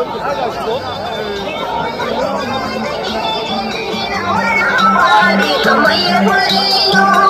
I'm you're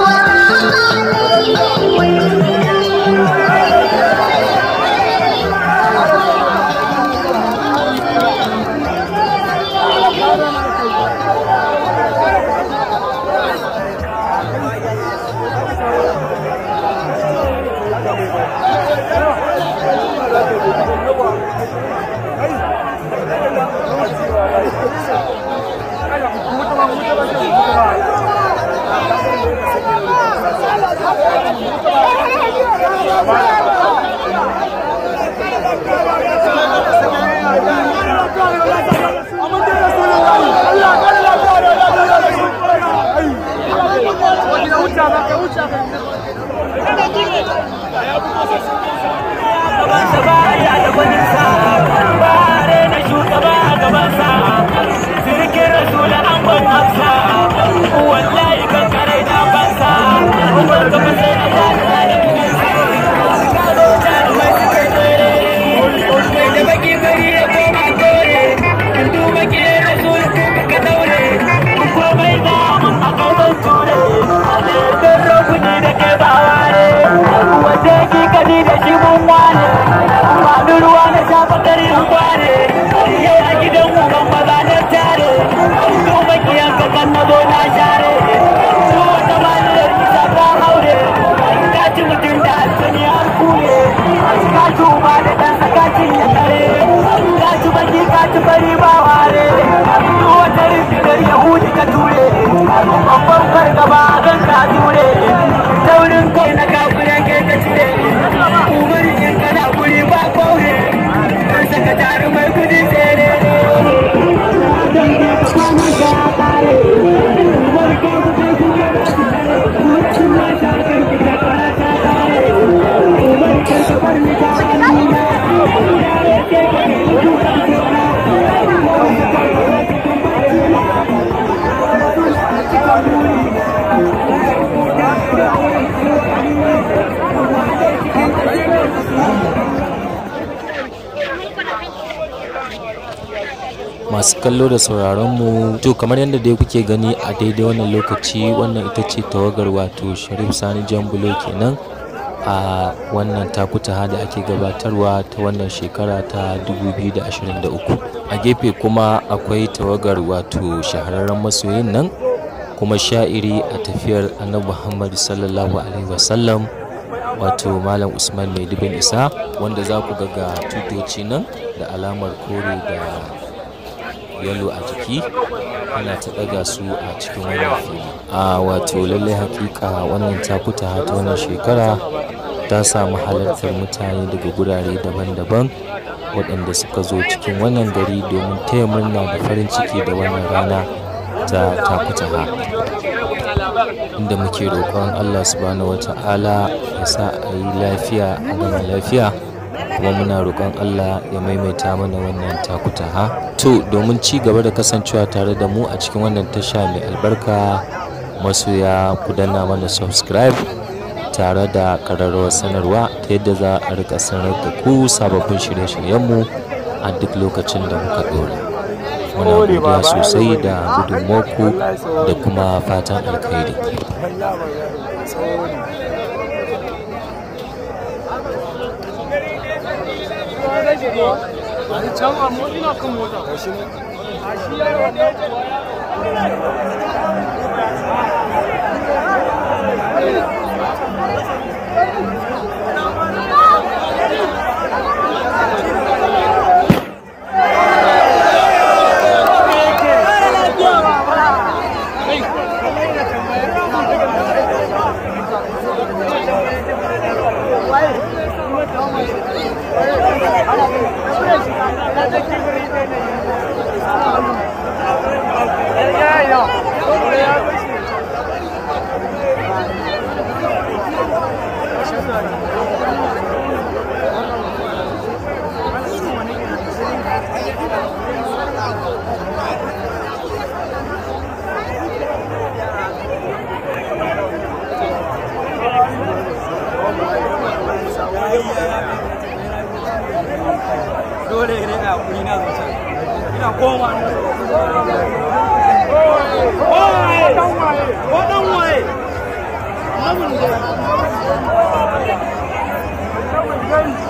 Thank you. na jure taurin kai na kafa masu kallo da sauraron mu to kamar yadda dai kuke gani a daidai wannan lokaci wannan ita ce tawagar wato sharif sani jambulo kenan a wannan takuta da ake gabatarwa ta wannan shekara ta 2023 a gefe kuma akwai tawagar wato shahararren masoyin nan kuma sha'iri a tafiyar annabi muhammad sallallahu alaihi wasallam wato malam usman mai dubin isa wanda za ku ga tutoci nan da alamar kore da yalo a jiki ana ta ɗaga su a cikin wannan fili a wato lallai hakika wannan takuta ta wannan shekara ta samu halartar mutane daga gurare daban-daban waɗanda suka zo cikin wannan gari domin taya murna da farin ciki da wannan rana ta takutaha inda muke roƙon allah subhanahu ta'ala ya sa a yi lafiya a gama lafiya kuma muna roƙon Allah ya maimaita mana wannan ha? to domin ci gaba da kasancewa tare da mu a cikin wannan tasha mai albarka masu ya kudanna mana subscribe tare da ƙararrawar sanarwa ta yadda za a rika sanar da ku sababbin shirye-shiryenmu a duk lokacin da muka ɗora muna godiya sosai da gudunmuwarku da kuma fatan alkhairi 뭐? 아니 정말 못이나 큰 모자 보시는 아시아로 될지 Thank you. হবে ina kowa waye dan waye ko dan waye namun dai